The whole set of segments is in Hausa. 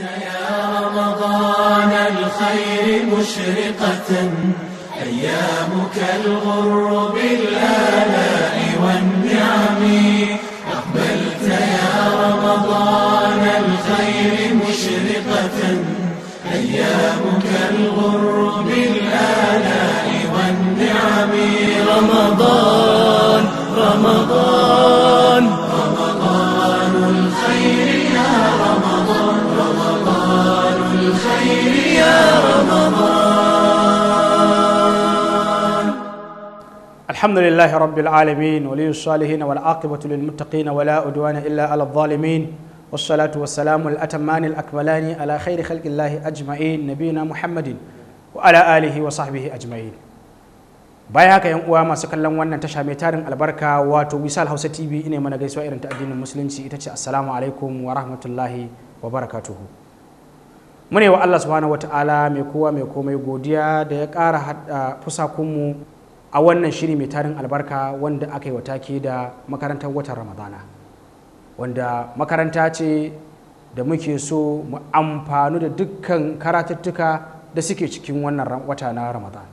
أنت يا رمضان الخير مشرقة أيامك الغر بالآلاء والنعم أقبلت يا رمضان الخير مشرقة أيامك الغر بالآلاء والنعم رمضان الحمد لله رب العالمين ولي الصالحين والعاقبة للمتقين ولا أدوان إلا على الظالمين والصلاة والسلام الأتمان الأكملان على خير خلق الله أجمعين نبينا محمد وعلى آله وصحبه أجمعين baya haka yan uwa masu kallon wannan tasha mai tarin albarka wato wisal hausa tv ina mana gaisuwa irin ta addinin musulunci ita ce assalamu alaikum wa rahmatullahi wa barakatuhu mune wa allah subhanahu wa ta'ala mai kowa mai komai godiya da ya kara fusakunmu a wannan shiri mai tarin albarka wanda aka yi wa take da makarantar watan ramadana wanda makaranta ce da muke so mu amfanu da dukkan karatuttuka da suke cikin wannan wata na ramadan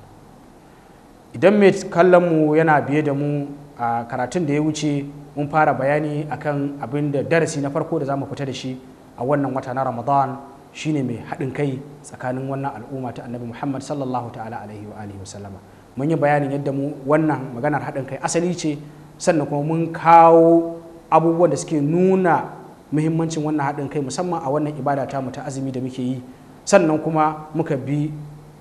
idan mai kallon mu yana biye da mu a karatun da ya wuce mun fara bayani akan abin da darasi na farko da za mu fita da shi a wannan wata na ramadan shine mai haɗin kai tsakanin wannan al'umma ta annabi muhammad sallallahu ta'ala alaihi wa alihi wa mun yi bayanin yadda mu wannan maganar haɗin kai asali ce sannan kuma mun kawo abubuwan da suke nuna muhimmancin wannan haɗin kai musamman a wannan ibada ta ta azumi da muke yi sannan kuma muka bi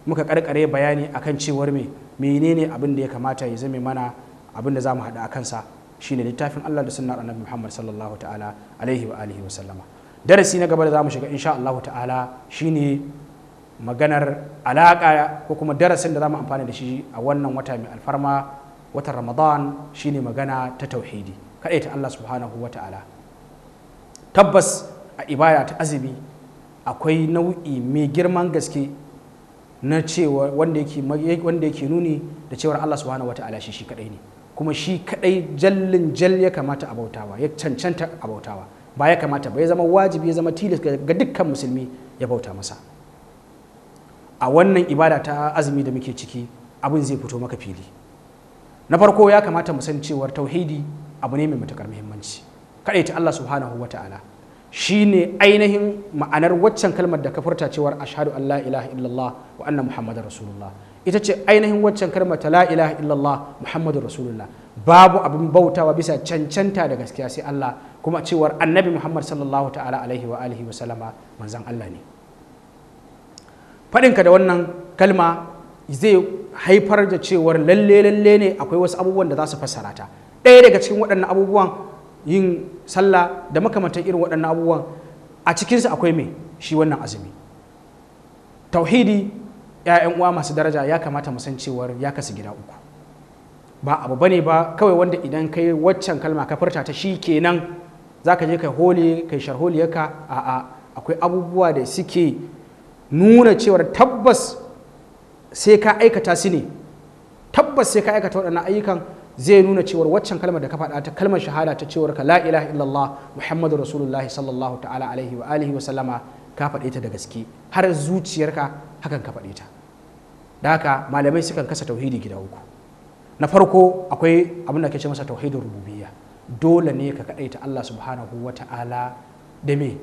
muka karkare bayani akan cewar me menene abin da ya kamata ya zame mana abin da za mu haɗu a kansa shine littafin Allah da sunnar annabi Muhammad sallallahu ta'ala alaihi wa alihi wa sallama darasi na gaba da za mu shiga insha Allah ta'ala shine maganar alaƙa ko kuma darasin da za mu amfani da shi a wannan wata mai alfarma watan ramadan shi ne magana ta tauhidi kaɗai ta allah subhanahu wa ta'ala tabbas a ibaya ta azumi akwai nau'i mai girman gaske na cewa wanda yake nuni da cewar allah subhanahu wa ta'ala shi shi kaɗai ne kuma shi kaɗai jallin jal ya kamata a bautawa ya cancanta a bautawa ba ya kamata ba ya zama wajibi ya zama tilis ga dukkan musulmi ya bauta masa a wannan ibada ta azumi da muke ciki abin zai fito maka fili na farko ya kamata mu san cewar tauhidi abu ne mai matukar muhimmanci ta Allah subhanahu wa ta'ala shine ainihin ma'anar waccan kalmar da ka furta cewar ashhadu an la ilaha illallah wa anna muhammadar rasulullah ita ce ainihin waccan kalmar ta la ilaha illallah rasulullah babu abin bautawa bisa cancanta da gaskiya sai Allah kuma cewar annabi muhammad sallallahu ta'ala alaihi wa alihi wa sallama manzon Allah ne faɗinka da wannan kalma zai haifar da cewar lalle lalle ne akwai wasu abubuwan da za su fassara ta ɗaya daga cikin waɗannan abubuwan yin sallah da makamantar irin waɗannan abubuwan a cikinsu akwai mai shi wannan azumi tauhidi ‘ya'yan uwa masu daraja ya kamata mu san cewar ya kasu gida uku ba abu bane ba kawai wanda idan kai waccan kalma ka furta ta shi kenan za ka je kai hole kai sharholiyarka a'a akwai abubuwa da suke nuna cewar tabbas sai ka aikata su ne tabbas sai ka aikata waɗannan ayyukan zai nuna cewar waccan kalmar da ka faɗa ta kalmar shahada ta cewar ka la ilaha illallah muhammadu rasulullahi sallallahu ta'ala alaihi wa alihi wa ka faɗe ta da gaske har zuciyarka hakan ka faɗe ta da haka malamai sukan kasa tauhidi gida uku na farko akwai abin da ke ce masa tauhidin rububiyya dole ne ka kaɗaita Allah subhanahu wa ta'ala da me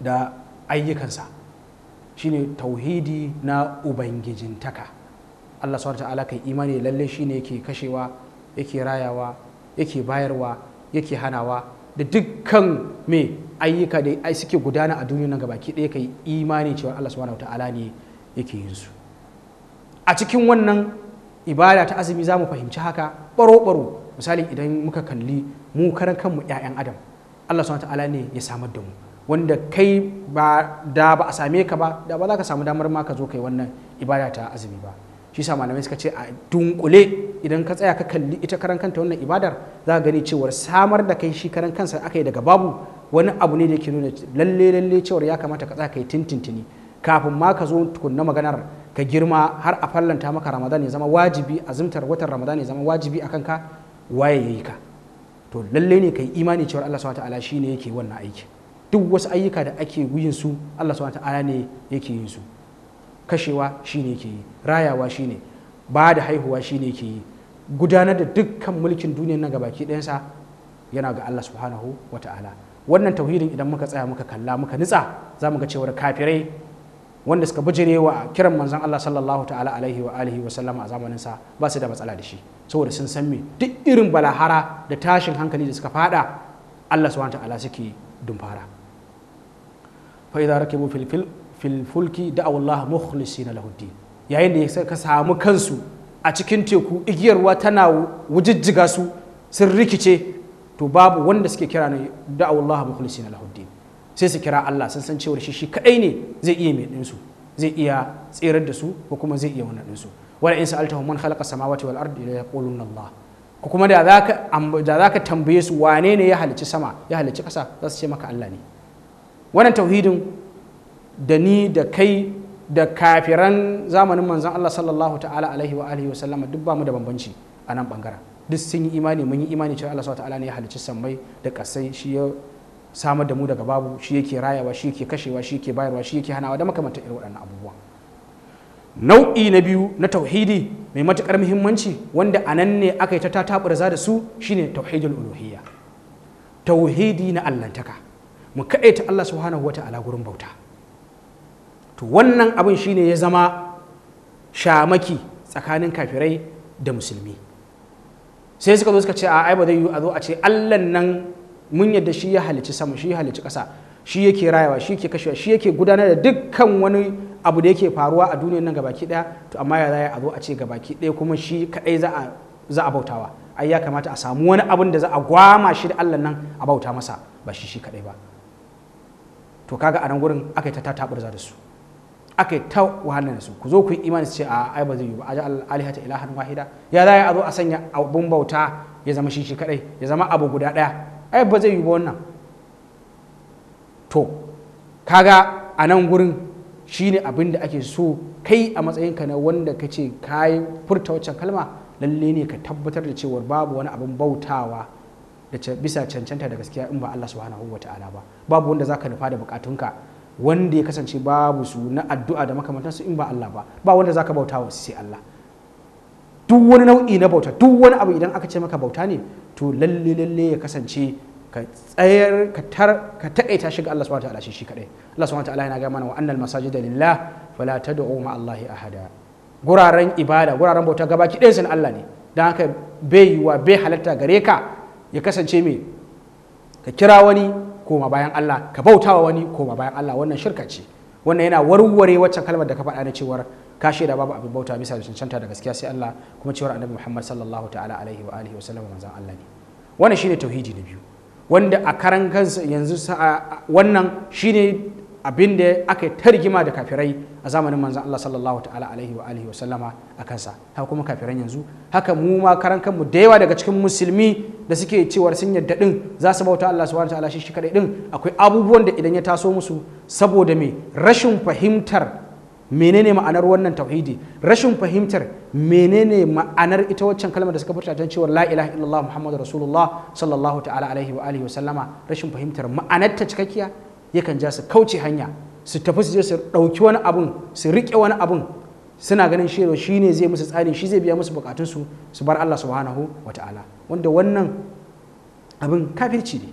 da ayyukansa shine tauhidi na ubangijintaka Allah subhanahu ta'ala kai imani lalle shine yake kashewa yake rayawa yake bayarwa yake hanawa da dukkan me ayyuka da ai suke gudana a duniya gaba gabaki ɗaya kai imani cewa Allah subhanahu ta'ala ne yake yin su a cikin wannan ibada ta azumi zamu fahimci haka baro-baro misali idan muka kalli mu karan kanmu 'ya'yan adam Allah subhanahu ta'ala ne ya samar da mu wanda kai ba da ba a same ka ba da ba za ka samu damar ma ka zo kai wannan ibada ta azumi ba shi sa malamai suka ce a dunkule idan ka tsaya ka kalli ita karan kanta wannan ibadar za ka gani cewar samar da kai shi karan kansa aka yi daga babu wani abu ne da ke nuna lalle lalle cewar ya kamata ka tsaya kai tintintini kafin ma ka zo tukunna maganar ka girma har a fallanta maka ramadan ya zama wajibi azumtar watan ramadan ya zama wajibi akan ka waye yayi ka to lalle ne kai imani cewar Allah subhanahu wa ta'ala shine yake wannan aiki. duk wasu ayyuka da ake yin su Allah subhanahu ta'ala ne yake yin su kashewa shine yake yi rayawa shine ba da haihuwa shine yake yi gudanar da dukkan mulkin duniyar nan gabaki ɗayansa yana ga Allah subhanahu wa ta'ala wannan tauhidin idan muka tsaya muka kalla muka nitsa za mu ga cewar kafirai wanda suka bujire wa kiran manzon Allah sallallahu ta'ala alaihi wa alihi wa sallama a zamanin sa ba su da matsala da shi saboda sun san me duk irin balahara da tashin hankali da suka fada Allah subhanahu wa ta'ala suke dumfara fa idza rakibu fil da fulki da'aw Allah na lahu yayin da ka samu kansu a cikin teku igiyarwa tana wujijjiga su sun rikice to babu wanda suke kira ne da'aw Allah na lahu sai su kira Allah sun san cewa shi shi kadai ne zai iya mai zai iya tsirar da su ko kuma zai iya wannan dinsu wala in sa'altahum man khalaqa samawati wal ardi la yaquluna Allah ko kuma da za ka tambaye su wane ne ya halicci sama ya halicci kasa za su ce maka Allah ne wannan tauhidin da ni da kai da kafiran zamanin manzon Allah sallallahu ta'ala alaihi wa alihi wa sallama duk ba mu da bambanci a nan bangaren duk sun yi imani mun yi imani cewa Allah sallallahu ta'ala ne ya halicci sammai da kasai shi ya samar da mu daga babu shi yake rayawa shi yake kashewa shi yake bayarwa shi yake hanawa da makamanta irin waɗannan abubuwa nau'i na biyu na tauhidi mai matukar muhimmanci wanda a nan ne aka yi ta taburza da su shine tauhidul uluhiyya tauhidi na allantaka mu kaɗaita Allah subhanahu ala gurin bauta to wannan abin shine ya zama shamaki tsakanin kafirai da musulmi sai suka zo suka ce a ai ba zai yi a zo a ce Allah nan mun yadda shi ya halicci sama shi ya halicci ƙasa shi yake rayawa shi yake kashewa shi yake gudanar da dukkan wani abu da yake faruwa a duniyar nan gabaki ɗaya to amma ya zaya a zo a ce gabaki ɗaya kuma shi kaɗai za a bautawa ai ya kamata a samu wani abin da za a gwama shi da Allah nan a bauta masa ba shi shi kaɗai ba to kaga a nan gurin aka yi ta burza da su aka yi ta wahalar da su ku zo ku yi imani su ce a ai ba zai yi ba ajal alihata ilahan wahida ya za a zo a sanya abun bauta ya zama shi shi kadai ya zama abu guda daya ai ba zai yi ba wannan to kaga a nan gurin ne abin da ake so kai a matsayinka na wanda ka ce ka yi furta waccan kalma lalle ne ka tabbatar da cewar babu wani abin bautawa da bisa cancanta da gaskiya in ba Allah subhanahu wa ta'ala ba babu wanda zaka nufa da bukatunka wanda ya kasance babu su na addu'a da su in ba Allah ba ba wanda zaka bauta wa sai Allah duk wani nau'i na bauta duk wani abu idan aka ce maka bauta ne to lalle lalle ya kasance ka tsayar ka tar ka takaita shi ga Allah subhanahu wa ta'ala shi kadai Allah subhanahu ta'ala yana ga mana wa annal masajida lillah fala tad'u ma Allahi ahada guraren ibada guraren bauta gabaki ɗayan sun Allah ne Dan haka bai yiwa bai halatta gare ka ya kasance me ka kira wani koma bayan Allah ka bauta wa wani koma bayan Allah wannan shirka ce wannan yana warware waccan kalmar da ka faɗa na cewar ka shaida babu abin bauta bisa da cancanta da gaskiya sai Allah kuma cewar Annabi Muhammad sallallahu ta'ala alaihi wa alihi wa sallam manzon Allah ne wannan shine tauhidi na biyu wanda a karan kansa yanzu wannan shine abin da aka yi da kafirai a zamanin manzon Allah sallallahu ta'ala alaihi wa alihi wa sallama a kansa haka kuma kafiran yanzu haka mu ma karan kanmu da yawa daga cikin musulmi da suke cewar sun yadda din za su bauta Allah subhanahu ta'ala shi shi kadai din akwai abubuwan da idan ya taso musu saboda me rashin fahimtar menene ma'anar wannan tauhidi rashin fahimtar menene ma'anar ita waccan kalmar da suka furta ta cewa la ilaha illallah muhammadu rasulullah sallallahu ta'ala alaihi wa alihi wa sallama rashin fahimtar ma'anar ta cikakkiya yakan ja su kauce hanya su tafi su je su ɗauki wani abun su riƙe wani abun suna ganin shirya shi ne zai musu tsari shi zai biya musu bukatunsu su bar Allah subhanahu wa ta'ala wanda wannan abin kafirci ne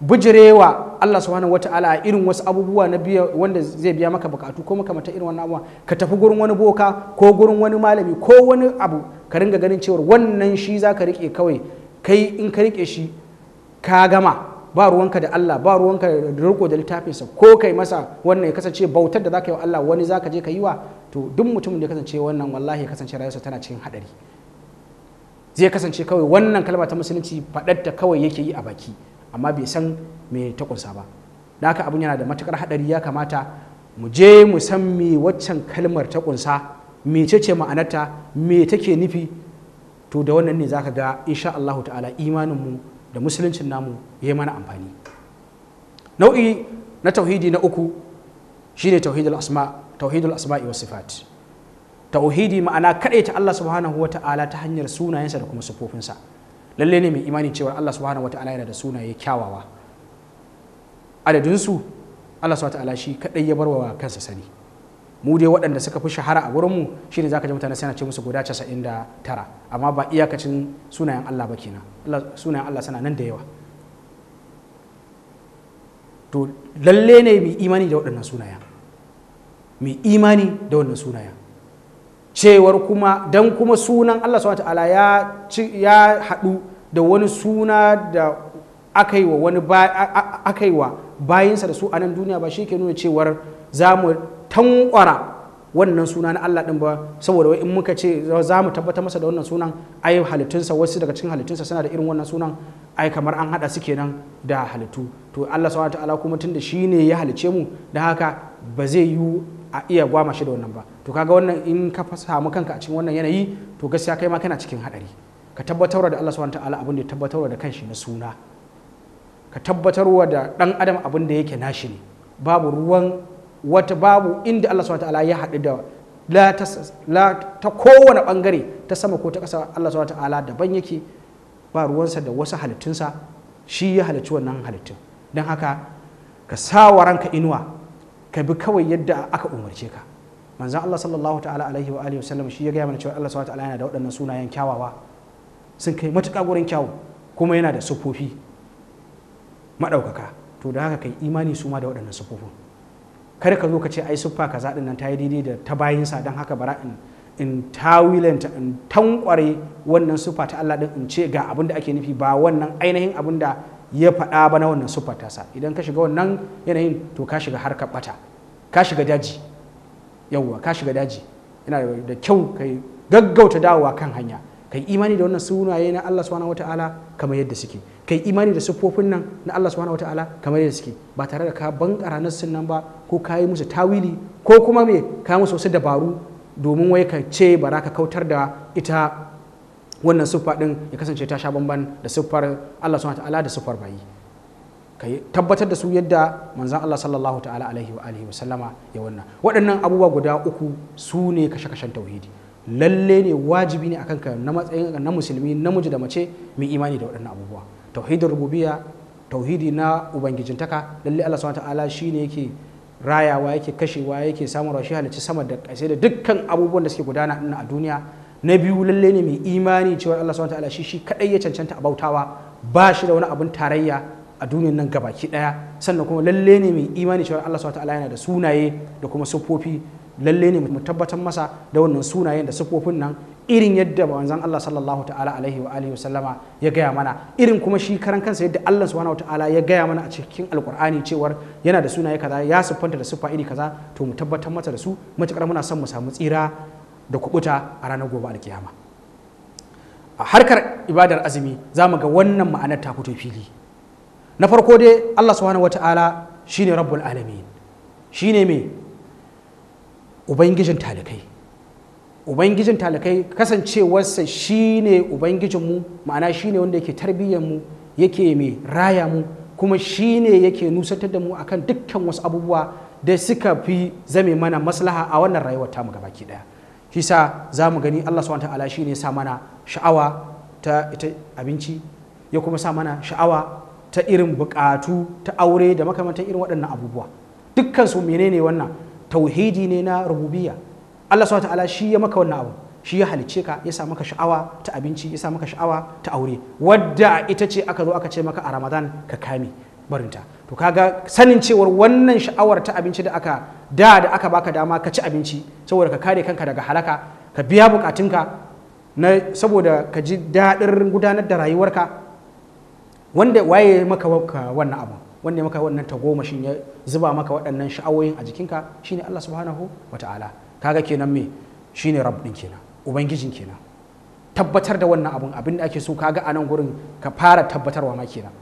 bujirewa Allah subhanahu wa ta'ala a irin wasu abubuwa na biya wanda zai biya maka bukatu ko makamata irin wannan abubuwa ka tafi gurin wani boka ko gurin wani malami ko wani abu ka ringa ganin cewar wannan shi za ka riƙe kawai kai in ka riƙe shi ka gama ba ruwanka da Allah ba ruwanka da riko da littafinsa ko kai masa wannan ya kasance bautar da zaka yi wa Allah wani zaka je ka yi wa to duk mutumin da ya kasance wannan wallahi ya kasance rayuwarsa tana cikin hadari zai kasance kawai wannan kalma ta musulunci faɗarta kawai yake yi a baki amma bai san me ta kunsa ba haka abun yana da matukar hadari ya kamata mu je mu san me waccan kalmar ta kunsa me ce ma'anarta me take nufi to da wannan ne zaka ga insha Allah ta'ala imaninmu da musuluncin namu ya yi mana amfani nau'i na tauhidi na uku shine tauhidul asma tauhidul asma'i wa sifat tauhidi ma'ana ta Allah subhanahu ta'ala ta hanyar sunayensa da kuma sufofinsa. lalle ne mai imani cewa Allah subhanahu ta'ala yana da sunaye kyawawa adadinsu Allah subhanahu ta'ala shi kadai ya barwa kansa sani mu dai waɗanda suka fi shahara a wurinmu shine zaka ji mutane suna ce musu guda 99 amma ba iyakacin sunayen Allah ba kenan sunayen Allah suna nan da yawa to lalle ne mai imani da waɗannan sunaya mai imani da wannan sunaya cewar kuma don kuma sunan Allah ta'ala ya haɗu da wani suna da aka yi wa wani da su a nan duniya ba shi ke nuna cewar za mu tankwara wannan suna na Allah din ba saboda wai in muka ce za mu tabbatar masa da wannan sunan ai halittunsa wasu daga cikin halittunsa suna da irin wannan sunan ai kamar an hada su kenan da halittu to Allah subhanahu wataala kuma tunda shine ya halice mu da haka ba zai yi a iya gwama shi da wannan ba to kaga wannan in ka samu kanka a cikin wannan yanayi to gaskiya kai ma kana cikin hadari ka tabbatar da Allah subhanahu wataala abin da ya tabbatar da kanshi na suna ka tabbatarwa da dan adam abin da yake nashi ne babu ruwan wata babu inda Allah subhanahu ta'ala ya haɗu da la ta kowane bangare ta sama ko ta ƙasa Allah subhanahu ta'ala daban yake ba ruwansa da wasu halittunsa shi ya halicci wannan halittun don haka ka sawa ranka inuwa ka bi kawai yadda aka umarce ka manzan Allah sallallahu ta'ala alaihi wa shi ya gaya mana cewa Allah subhanahu ta'ala yana da waɗannan sunayen kyawawa sun kai matuƙa gurin kyawu kuma yana da sufofi maɗaukaka to da haka kai imani su ma da waɗannan sufofin Kar ka zo ka ce ai siffa kazaɗin zaɗin nan ta yi daidai da ta sa don haka bara in in tawilanta in tankware wannan siffa ta Allah din in ce ga abin da ake nufi ba wannan ainihin abin da ya faɗa ba na wannan ta tasa idan ka shiga wannan yanayin to ka shiga ka bata ka shiga daji yawwa ka shiga daji yana da kyau ka gaggauta dawowa kan hanya kai imani da wannan sunaye na Allah subhanahu wataala kamar yadda suke kai imani da siffofin nan na Allah subhanahu wataala kamar yadda suke ba tare da ka bankara nassin nan ba ko ka yi musu tawili ko kuma me ka musu wasu dabaru domin wai ka ce ba ka kautar da ita wannan siffa din ya kasance ta sha bamban da siffar Allah subhanahu wataala da siffar bayi ka tabbatar da su yadda manzon Allah sallallahu ta'ala alaihi wa alihi wa sallama ya wannan waɗannan abubuwa guda uku su ne kashe-kashen tauhidi lalle ne wajibi ne akan ka na matsayin na musulmi namiji da mace mai imani da waɗannan abubuwa tauhidin Rububiya tauhidi na ubangijintaka lalle Allah subhanahu ta'ala shine yake rayawa yake kashewa yake samun shi halacci sama da ƙasai da dukkan abubuwan da suke gudana a duniya na biyu lalle ne mai imani cewa Allah subhanahu ta'ala shi shi kadai ya cancanta a bautawa ba shi da wani abin tarayya a duniyar nan gabaki daya sannan kuma lalle ne mai imani cewa Allah subhanahu ta'ala yana da sunaye da kuma siffofi lalle ne mu tabbatar masa da wannan sunayen da sufofin nan irin yadda manzon Allah sallallahu ta'ala alaihi wa alihi sallama ya gaya mana irin kuma shi karan kansa yadda Allah subhanahu ta'ala ya gaya mana a cikin alkur'ani cewar yana da sunaye kaza ya siffanta da siffa iri kaza to mu tabbatar masa da su matukar muna son mu samu tsira da kubuta a ranar gobe alkiyama a harkar ibadar azumi za mu ga wannan ma'anar ta fito fili na farko dai Allah subhanahu ta'ala shine rabbul alamin shine me ubangijin talakai ubangijin talikai kasancewarsa shine ubangijinmu ma'ana shine wanda yake tarbiyyarmu yake mai raya mu kuma shine yake nusantar da mu akan dukkan wasu abubuwa da suka fi zame mana maslaha a wannan rayuwar tamu gaba ki daya shi sa za mu gani Allah subhanahu ta'ala shine ya sa mana sha'awa ta ita abinci ya kuma sa mana sha'awa ta irin bukatu ta aure da makamantan irin waɗannan abubuwa dukkan su menene wannan tauhidi ne na rububiya. Allah subhanahu ta'ala shi ya maka wannan abu shi ya halicce ka ya sa maka sha'awa ta abinci ya sa maka sha'awa ta aure wadda ita ce aka zo aka ce maka a Ramadan ka kame barinta to kaga sanin cewar wannan sha'awar ta abinci da aka da da aka baka dama ka ci abinci saboda ka kare kanka daga halaka ka biya bukatunka na saboda ka ji daɗin gudanar da rayuwarka wanda waye maka wannan abu wanda ya maka wannan tagomashin ya zuba maka waɗannan sha'awoyin a jikinka shine Allah subhanahu wa Ka kaga kenan me shine rab din kenan ubangijin kenan tabbatar da wannan abin abin da ake so ka ga anan gurin ka fara tabbatarwa ma kenan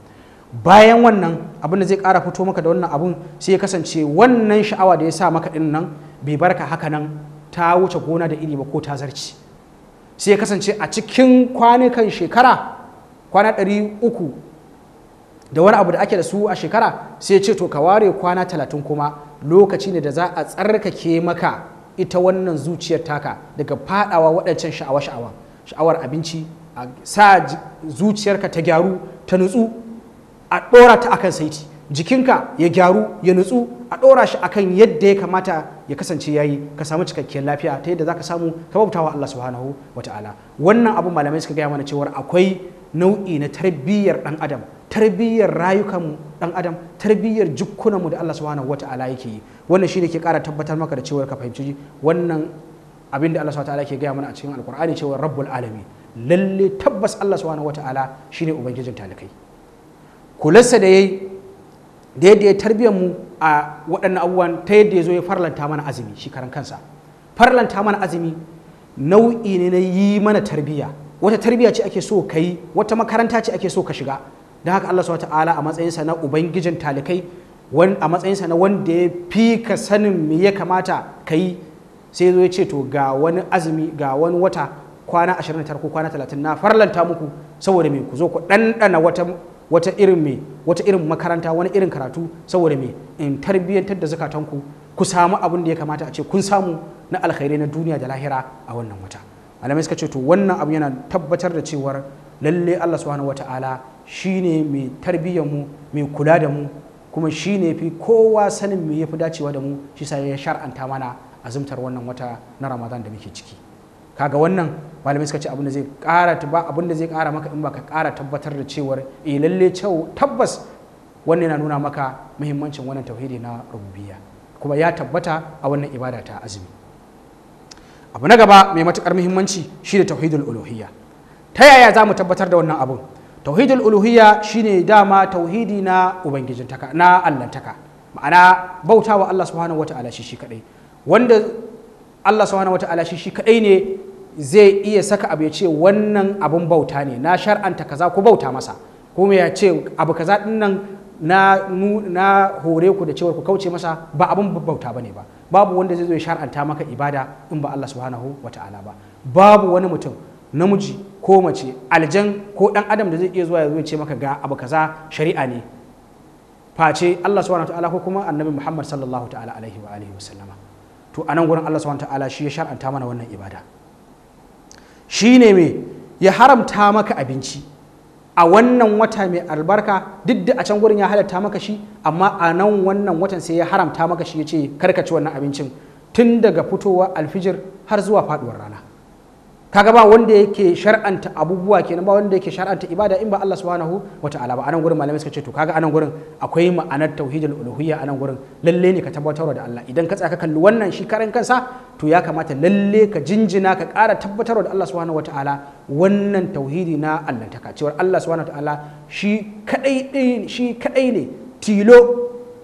bayan wannan abin da zai ƙara fito maka da wannan abun sai ya kasance wannan sha'awa da ya sa maka din nan bai barka haka nan ta wuce gona da iri ba ko ta zarci sai ya kasance a cikin kwanukan shekara kwana ɗari uku da wani abu da ake da su a shekara sai ce to ka ware kwana talatin kuma lokaci ne da za a tsarkake maka ita wannan zuciyar taka daga fadawa waɗancan sha'awa sha'awa sha'awar abinci a sa zuciyarka ta gyaru ta nutsu a ɗora ta akan saiti jikinka ya gyaru ya nutsu a ɗora shi akan yadda ya kamata ya kasance yayi ka samu cikakkiyar lafiya ta yadda zaka samu ka bauta wa Allah subhanahu wata'ala wannan abu malamai suka gaya mana cewa akwai nau'i na tarbiyyar ɗan adam tarbiyyar rayukan dan adam tarbiyyar jukkunanmu da Allah subhanahu wata'ala yake yi wannan shine ke kara tabbatar maka da cewar ka fahimci wannan abin da Allah subhanahu wata'ala ke gaya mana a cikin alkur'ani cewa rabbul alamin lalle tabbas Allah subhanahu wata'ala shine ubangijin talikai kulassa da yayi da yadda ya tarbiyyar mu a waɗannan abubuwan ta yadda ya zo ya farlanta mana azumi shi karan kansa farlanta mana azumi nau'i ne na yi mana tarbiyya wata tarbiyya ce ake so ka yi wata makaranta ce ake so ka shiga da haka Allah swt a matsayinsa na ubangijin talikai a matsayinsa na wanda ya fi ka sanin me ya kamata ka yi sai zo ya ce to ga wani azumi ga wani wata kwana 29 ko kwana 30 na farlanta muku saboda me ku zo ku ɗanɗana wata irin me wata irin makaranta wani irin karatu saboda mai in tarbiyyantar da zukatanku ku samu abin da ya kamata a ce kun samu na alkhairai na duniya da lahira a wannan wata malamai suka ce to wannan abu yana tabbatar da cewar lalle Allah subhanahu Shi ne mai tarbiyyar mu mai kula da mu kuma shine fi kowa sanin me yafi dacewa da mu shi sa ya shar'anta mana azumtar wannan wata na Ramadan da muke ciki kaga wannan malamai suka ce abin da zai ƙara ba abin da zai kara maka in baka kara tabbatar da cewar eh lalle cewa tabbas wannan yana nuna maka muhimmancin wannan tauhidi na rububiyya kuma ya tabbata a wannan ibada ta azumi abu na gaba mai matukar muhimmanci shi da tauhidul uluhiyya ta yaya za mu tabbatar da wannan abun tauhidul uluhiyya shine dama tauhidi na taka na allantaka ma'ana bautawa Allah subhanahu wata'ala shi shi kadai wanda Allah subhanahu wata'ala shi shi kadai ne zai iya saka abu ya ce wannan abun bauta ne na shar'anta kaza ku bauta masa kuma ya ce abu kaza din nan na na hore ku da cewar ku kauce masa ba abun bauta bane ba babu wanda zai zo ya shar'anta maka ibada in ba Allah subhanahu wata'ala ba babu wani mutum namiji ko mace aljan ko dan adam da zai iya zuwa ya zo ce maka ga abu kaza shari'a ne face Allah subhanahu ta'ala ko kuma annabi Muhammad sallallahu ta'ala alaihi wa alihi wa sallama to anan gurin Allah subhanahu ta'ala shi ya shar'anta mana wannan ibada shine me ya haramta maka abinci a wannan wata mai albarka duk da a can gurin ya halatta maka shi amma a nan wannan watan sai ya haramta maka shi ya ce karkaci wannan abincin tun daga fitowa alfijir har zuwa faduwar rana kaga ba wanda yake shar'anta abubuwa kenan ba wanda yake shar'anta ibada in ba Allah subhanahu wata'ala ba anan gurin malamai suka ce to kaga anan gurin akwai ma'anar tauhidul uluhiyya anan gurin lalle ne ka tabbatar da Allah idan ka tsaya ka kalli wannan shi karan kansa to ya kamata lalle ka jinjina ka ƙara tabbatar da Allah subhanahu wata'ala wannan tauhidi na Allah taka cewar Allah subhanahu wata'ala shi kadai shi kadai ne tilo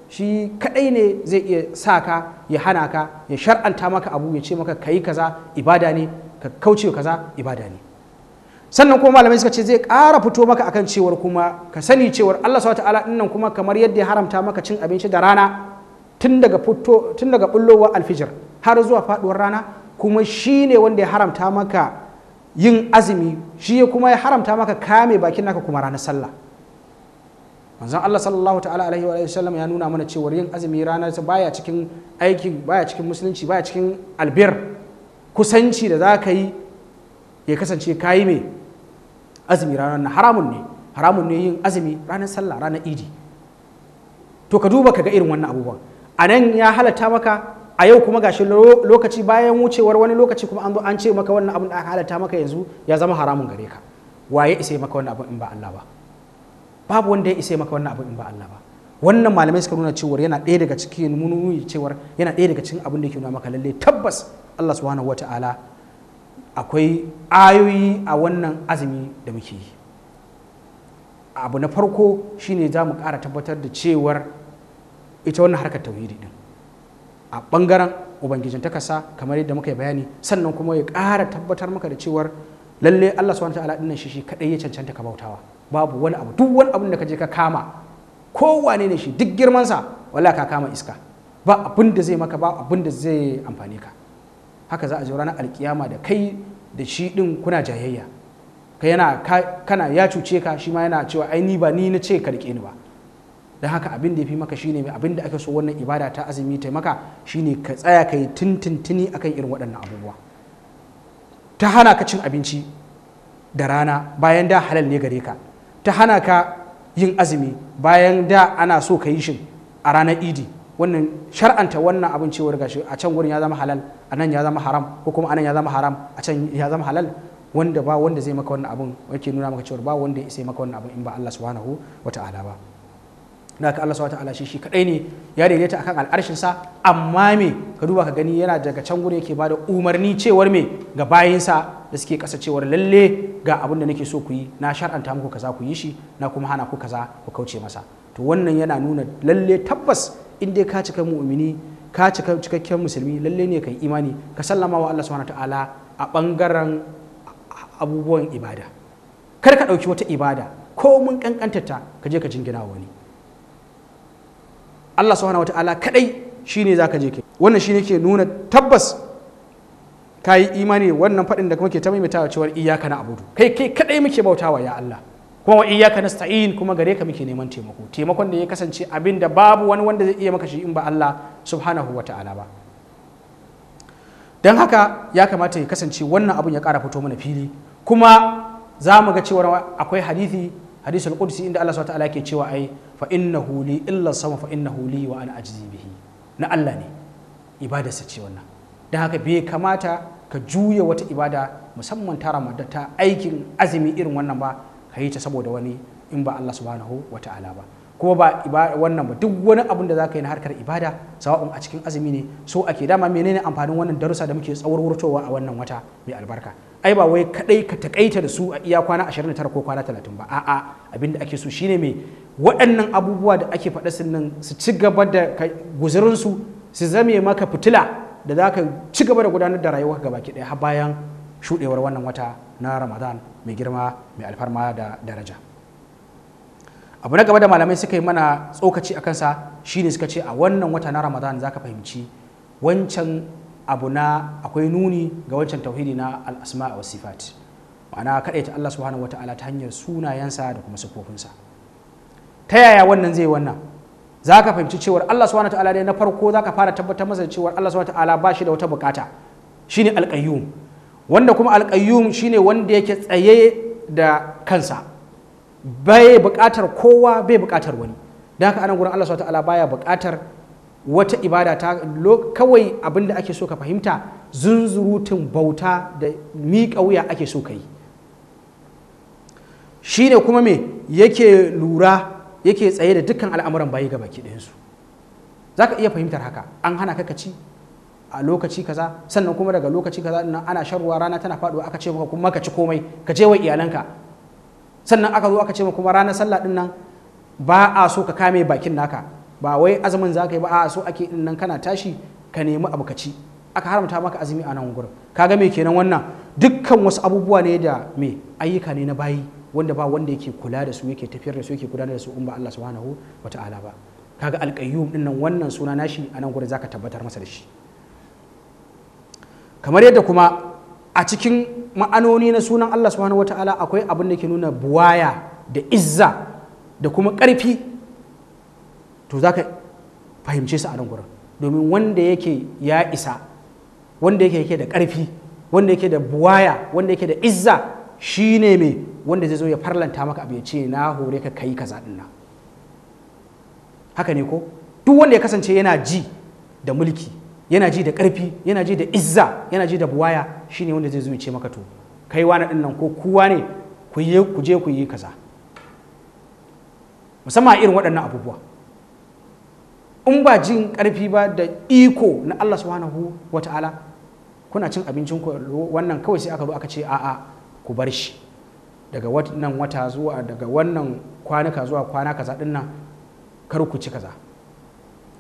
shi kadai ne zai iya sa ka ya hana ka ya shar'anta maka abu ya ce maka kayi kaza ibada ne ka kauce kaza ibada ne sannan kuma malamai suka ce zai ƙara fito maka akan cewar kuma ka sani cewar Allah subhanahu ta'ala kuma kamar yadda ya haramta maka cin abinci da rana tun daga fito tun daga bullowar alfijir har zuwa faduwar rana kuma shine wanda ya haramta maka yin azumi shi kuma ya haramta maka kame bakin naka kuma ranar sallah manzon Allah sallallahu ta'ala alaihi wa sallam ya nuna mana cewar yin azumi ranar baya cikin aikin baya cikin musulunci baya cikin albir kusanci da za ka yi ya kasance ka yi mai azumi ranar na haramun ne haramun ne yin azumi ranar sallah ranar idi to ka duba ka ga irin wannan abubuwan a nan ya halatta maka a yau kuma gashi lokaci bayan wucewar wani lokaci kuma an zo an ce maka wannan abin da aka halatta maka yanzu ya zama haramun gare ka waye isa maka wannan abin in ba Allah ba babu wanda ya isa maka wannan abin in ba Allah ba wannan malamai suka nuna cewar yana ɗaya daga cikin munuyi cewa yana ɗaya daga cikin abin da ke nuna maka lalle tabbas Allah subhanahu wata'ala akwai ayoyi a wannan azumi da muke yi abu na farko shine za mu ƙara tabbatar da cewar ita wannan harkar tauhidi din a ɓangaren ubangijin takasa kamar yadda muka yi bayani sannan kuma ya kara tabbatar maka da cewar lalle Allah subhanahu wataala dinnan shi shi kadai ya cancanta ka bautawa babu wani abu duk wani abu da ka je ka kama kowane ne shi duk girman sa wala ka kama iska ba abin da zai maka ba abin da zai amfane ka haka za a zo ranar alkiyama da kai da shi din kuna jayayya kai yana kana ya cuce ka shi ma yana cewa ai ni ba ni na ce ka ni ba don haka abin da ya fi maka shine mai abin da aka so wannan ibada ta azumi ta maka shine ka tsaya ka yi tuntuntuni akan irin waɗannan abubuwa ta hana ka cin abinci da rana bayan da halal ne gare ka ta hana ka yin azumi bayan da ana so ka yi shin a ranar idi wannan shar'anta wannan abin cewar gashi a can wurin ya zama halal a nan ya zama haram ko kuma a nan ya zama haram a can ya zama halal wanda ba wanda zai maka wannan abin yake nuna maka cewar ba wanda ya isa maka wannan abin in ba Allah subhanahu wata'ala ba na ka Allah subhanahu wata'ala shi shi kadai ne ya daidaita akan al'arshin sa amma me ka duba ka gani yana daga can gurin yake bada umarni cewar me ga bayinsa da suke kasa cewar lalle ga abin da nake so ku yi na shar'anta muku kaza ku yi shi na kuma hana ku kaza ku kauce masa to wannan yana nuna lalle tabbas in dai ka cika mu'mini ka cika cikakken musulmi lalle ne kai imani ka sallama wa Allah subhanahu ta'ala a bangaren abubuwan ibada kar ka dauki wata ibada ko mun kankantata ka je ka jingina wani Allah subhanahu ta'ala kadai shine zaka je ke wannan shine ke nuna tabbas ka imani wannan fadin da kuma ke ta maimaitawa cewar iyaka na abudu kai kai kadai muke bautawa ya Allah kuma wa iyyaka nasta'in kuma gare ka muke neman taimako taimakon da ya kasance abin da babu wani wanda zai iya maka shi in ba Allah subhanahu wa ta'ala ba don haka ya kamata ya kasance wannan abun ya kara fito mana fili kuma za mu ga cewa akwai hadithi hadisul qudsi inda Allah subhanahu wa ta'ala yake cewa ai fa innahu li illa sama fa innahu li wa ana ajzi bihi na Allah ne ibadarsa ce wannan don haka bai kamata ka juya wata ibada musamman ta ramadan ta aikin azumi irin wannan ba ka yi ta saboda wani in ba Allah subhanahu wa ta'ala ba kuma ba wannan ba duk wani abun da za ka yi na harkar ibada sawa'un a cikin azumi ne so ake dama menene amfanin wannan darussa da muke tsawarwartowa a wannan wata mai albarka ai ba wai kadai ka takaita da su a iya kwana 29 ko kwana 30 ba a'a abin da ake so shine mai waɗannan abubuwa da ake faɗa sun nan su ci gaba da guzurin su su zame maka fitila da zaka ci gaba da gudanar da rayuwa gaba ɗaya har bayan shuɗewar wannan wata na Ramadan mai girma mai alfarma da daraja abu na gaba da malamai suka yi mana tsokaci a kansa ne suka ce a wannan wata na ramadan zaka fahimci wancan abu na akwai nuni ga wancan tauhidi na al'asma wa sifat ma'ana kaɗaita Allah subhanahu wa ta'ala ta hanyar sunayensa da kuma siffofinsa ta yaya wannan zai wannan za ka fahimci cewar Allah subhanahu wa ta'ala ne na farko za ka fara tabbatar masa cewar Allah subhanahu wa ta'ala ba shi da wata bukata shine alƙayyum wanda kuma alƙayyum shine wanda yake tsaye da kansa bai buƙatar kowa bai buƙatar wani don haka anan gurin Allah subhanahu baya buƙatar wata ibada ta kawai abinda ake so ka fahimta zunzurutun bauta da miƙa wuya ake so ka yi Shi ne kuma me yake lura yake tsaye da dukkan al'amuran bayi ga baki ɗayansu za ka iya fahimtar haka an hana ka ci a lokaci kaza sannan kuma daga lokaci kaza dinnan ana sharuwa rana tana faduwa aka ce maka kuma ka ci komai ka je wa iyalanka sannan aka zo aka ce maka kuma rana sallah dinnan ba a so ka kame bakin naka ba wai azumin za ka yi ba a so ake nan kana tashi ka nemi abu ka ci aka haramta maka azumi a nan gurin kaga me kenan wannan dukkan wasu abubuwa ne da me ayyuka ne na bayi wanda ba wanda yake kula da su yake tafiyar da su yake gudanar da su in ba Allah subhanahu wata'ala ba kaga alqayyum dinnan wannan suna nashi a nan gurin zaka tabbatar masa da shi kamar yadda kuma a cikin ma'anoni na sunan Allah subhanahu wata'ala akwai abin da ke nuna buwaya da izza da kuma ƙarfi to za ka fahimce su a nan gurin domin wanda yake ya isa wanda yake yake da ƙarfi wanda yake da buwaya wanda yake da izza shi ne mai wanda zai zo ya farlanta maka abu ya ce na hore ka kai ka zaɗin nan haka ne ko duk wanda ya kasance yana ji da mulki yana ji da ƙarfi yana ji da izza yana ji da buwaya shine wanda zai zuwa ce maka to kai wani ɗin ko kuwa ne ku je ku yi kaza musamman a irin waɗannan abubuwa in ba jin ƙarfi ba da iko na Allah subhanahu wata'ala kuna cin abincin ku wannan kawai sai aka zo aka ce a'a ku bar shi daga wannan wata zuwa daga wannan kwanuka zuwa kwana kaza ɗin kar ku ci kaza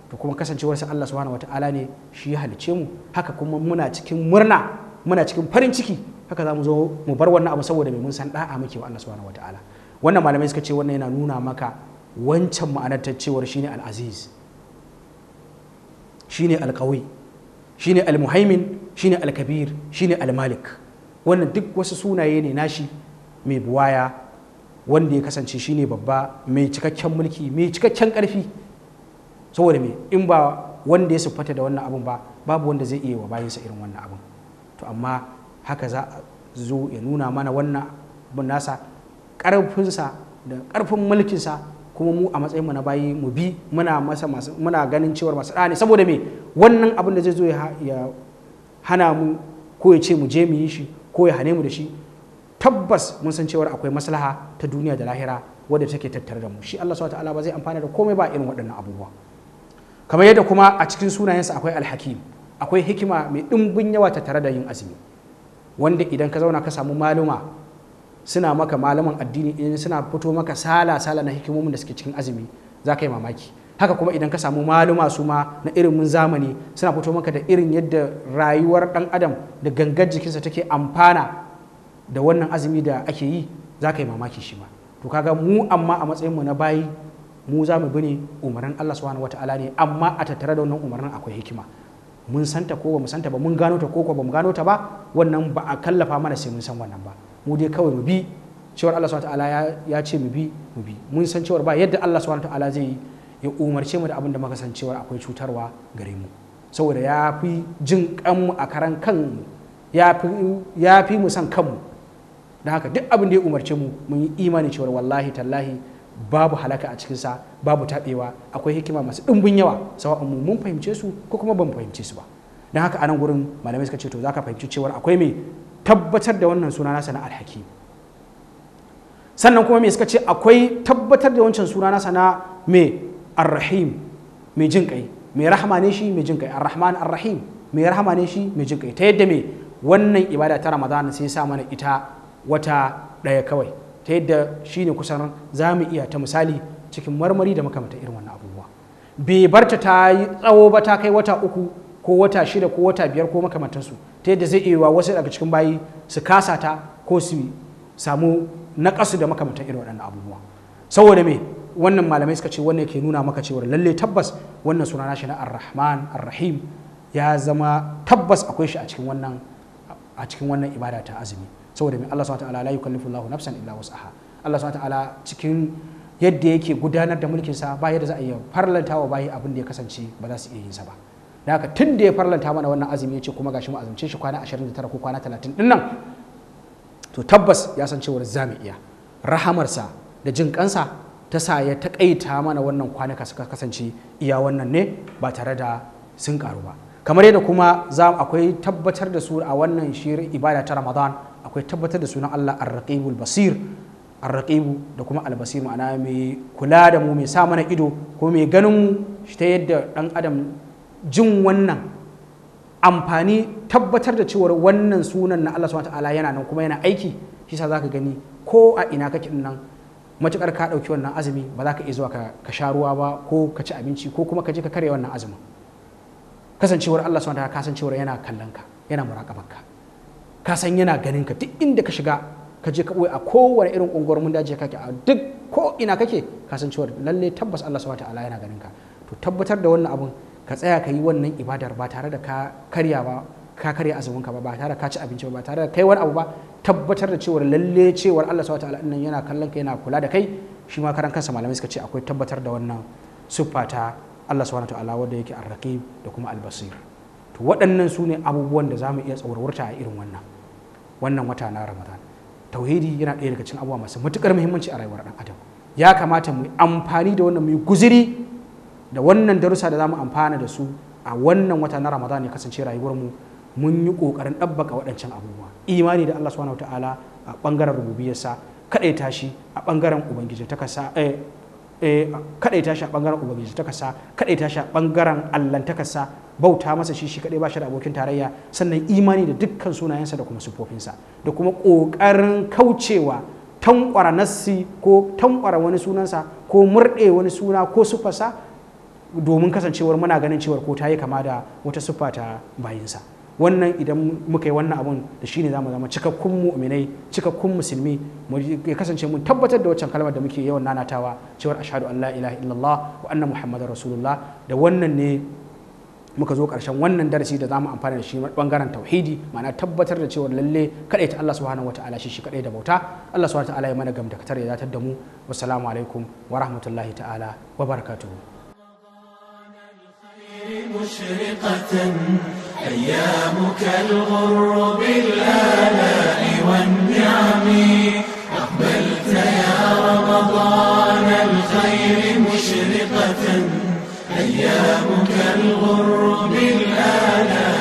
to kuma kasancewar sa Allah subhanahu wata'ala ne shi ya halice mu haka kuma muna cikin murna muna cikin farin ciki haka za mu zo mu bar wannan abu saboda mai mun san da'a muke wa Allah subhanahu wata'ala wannan malamai suka ce wannan yana nuna maka wancan ma'anar ta cewar shine al-aziz shine al-qawi shine al-muhaimin shine al-kabir shine al-malik wannan duk wasu sunaye ne nashi mai buwaya wanda ya kasance shine babba mai cikakken mulki mai cikakken karfi saboda me in ba wanda ya siffata da wannan abun ba babu wanda zai iya wa bayansa irin wannan abun to amma haka za a zo ya nuna mana wannan abin nasa ƙarfinsa da ƙarfin mulkinsa kuma mu a matsayinmu na bayi mu bi muna masa muna ganin cewar masu ne saboda me wannan abin da zai zo ya hana mu ko ya ce mu je mu yi shi ko ya hane mu da shi tabbas mun san cewar akwai maslaha ta duniya da lahira wadda take tattare da mu shi Allah subhanahu wa ta'ala ba zai amfana da komai ba irin waɗannan abubuwa kamar yadda kuma a cikin sunayensa akwai alhakim akwai hikima mai ɗumbin yawa ta tare da yin azumi wanda idan ka zauna ka samu maluma suna maka malaman addini in eh, suna fito maka sala sala na hikimomin da suke cikin azumi za ka yi mamaki haka kuma idan ka samu maluma su ma na irin mun zamani suna fito maka da irin yadda rayuwar ɗan adam da gangar jikinsa take amfana da wannan azumi da ake yi za ka yi mamaki shi ma to kaga mu amma a matsayin mu na bayi mu za mu bi ne umarnin Allah subhanahu wata'ala ne amma a tattare da wannan umarnin akwai hikima mun santa ko ba mu santa ba mun gano ta ko ba mu gano ta ba wannan ba a kallafa mana sai mun san wannan ba mu dai kawai mu bi cewar Allah subhanahu wata'ala ya ce mu bi mu bi mun san cewar ba yadda Allah subhanahu wata'ala zai ya umarce mu da abin da muka san cewar akwai cutarwa gare mu saboda ya fi jin kanmu a karan kanmu ya fi mu san kanmu da haka duk abin da ya umarce mu mun yi imani cewar wallahi tallahi babu halaka a cikinsa babu taɓewa akwai hikima masu ɗumbin yawa sawa'un mu mun fahimce su ko kuma ban fahimce su ba don haka anan gurin malamai suka ce to zaka fahimci cewar akwai mai tabbatar da wannan suna nasa na alhaki sannan kuma me suka ce akwai tabbatar da wancan suna nasa na me arrahim mai jin kai mai rahama ne shi mai jin kai arrahman arrahim mai rahama ne shi mai jin kai ta yadda me wannan ibada ta ramadana sai sa mana ita wata ɗaya kawai ta yadda shi ne kusan za mu iya ta misali cikin marmari da makamata irin wannan abubuwa bai barta ta yi tsawo ba ta kai wata uku ko wata shida ko wata biyar ko makamantansu ta yadda zai iya wasu daga cikin bayi su kasa ta ko su samu naƙasu da makamata irin waɗannan abubuwa saboda me wannan malamai suka ce wannan ke nuna maka cewar lalle tabbas wannan suna nashi na arrahman rahman ya zama tabbas akwai shi a cikin wannan ibada ta azumi saboda mai Allah subhanahu wa ta'ala la yukallifu Allahu nafsan illa wus'aha Allah subhanahu wa ta'ala cikin yadda yake gudanar da mulkin sa ba yadda za a iya farlanta wa bayi abin da ya kasance ba za su iya yin sa ba da haka tun da ya farlanta mana wannan azumi ya ce kuma gashi mu azumce shi kwana 29 ko kwana 30 dinnan. to tabbas ya san cewar za mu iya rahamarsa da jin kansa ta sa ya takaita mana wannan kwanaka suka kasance iya wannan ne ba tare da sun karu ba kamar yadda kuma za akwai tabbatar da su a wannan shirin ibada ta ramadan akwai tabbatar da sunan Allah ar basir ar da kuma albasir basir ma'ana mai kula da mu mai sa mana ido ko mai ganin mu shi ta yadda dan adam jin wannan amfani tabbatar da cewar wannan sunan na Allah subhanahu ta'ala yana nan kuma yana aiki shi sa zaka gani ko a ina kake nan matukar ka ɗauki wannan azumi ba za ka iya zuwa ka sha ruwa ba ko ka ci abinci ko kuma ka je ka karya wannan azumin kasancewar Allah subhanahu wa kasancewar yana kallon ka yana muraƙabar ka ka san yana ganin ka duk inda ka shiga ka je ka a kowane irin unguwar mun daji kake a duk ko ina kake ka san cewa lalle tabbas Allah subhanahu wataala yana ganin ka to tabbatar da wannan abun ka tsaya ka yi wannan ibadar ba tare da ka karya ba ka karya azumin ka ba ba tare da ka ci abinci ba ba tare da kai wani abu ba tabbatar da cewa lalle cewar Allah subhanahu wataala nan yana kallon ka yana kula da kai shi ma karan kansa malamai suka ce akwai tabbatar da wannan siffa ta Allah subhanahu wataala wanda yake ar-raqib da kuma albasir to waɗannan su ne abubuwan da za mu iya tsawarwarta a irin wannan wannan wata na ramadan tauhidi yana ɗaya daga cin abubuwa masu matukar muhimmanci a rayuwar ɗan adam ya kamata mu amfani da wannan mu guziri da wannan darussa da za mu amfana da su a wannan wata na ramadan ya kasance rayuwar mu mun yi ƙoƙarin ɗabbaka waɗancan abubuwa imani da allah subhanahu ta'ala a ɓangaren rububiyarsa kaɗai tashi a ɓangaren ubangiji ta kasa eh, eh, kaɗai tashi a ɓangaren ubangiji ta kasa kaɗai tashi a ɓangaren allan ta kasa bauta masa shi shi kadai ba da abokin tarayya sannan imani da dukkan sunayensa da kuma sufofinsa da kuma kokarin kaucewa tankwara nassi ko tankwara wani sunansa ko murɗe wani suna ko sufasa. domin kasancewar muna ganin cewar ko ta yi kama da wata siffa ta bayinsa wannan idan muka yi wannan abun da shine zamu zama cikakkun mu'minai cikakkun musulmi mu kasance mun tabbatar da waccan kalmar da muke yawan nanatawa cewar ashadu an la ilaha illallah wa anna muhammadar rasulullah da wannan ne muka zo karshen wannan darasi da zamu amfana da shi bangaren tauhidi ma'ana tabbatar da cewa lalle kadai ta Allah subhanahu wataala shi shi kadai da bauta Allah subhanahu wataala ya mana gamda katar ya zatar da mu assalamu alaikum wa rahmatullahi ta'ala wa barakatuh مشرقة أيامك الغر بالآلاء والنعم أقبلت يا رمضان الخير مشرقة أيامك الغر بالآلام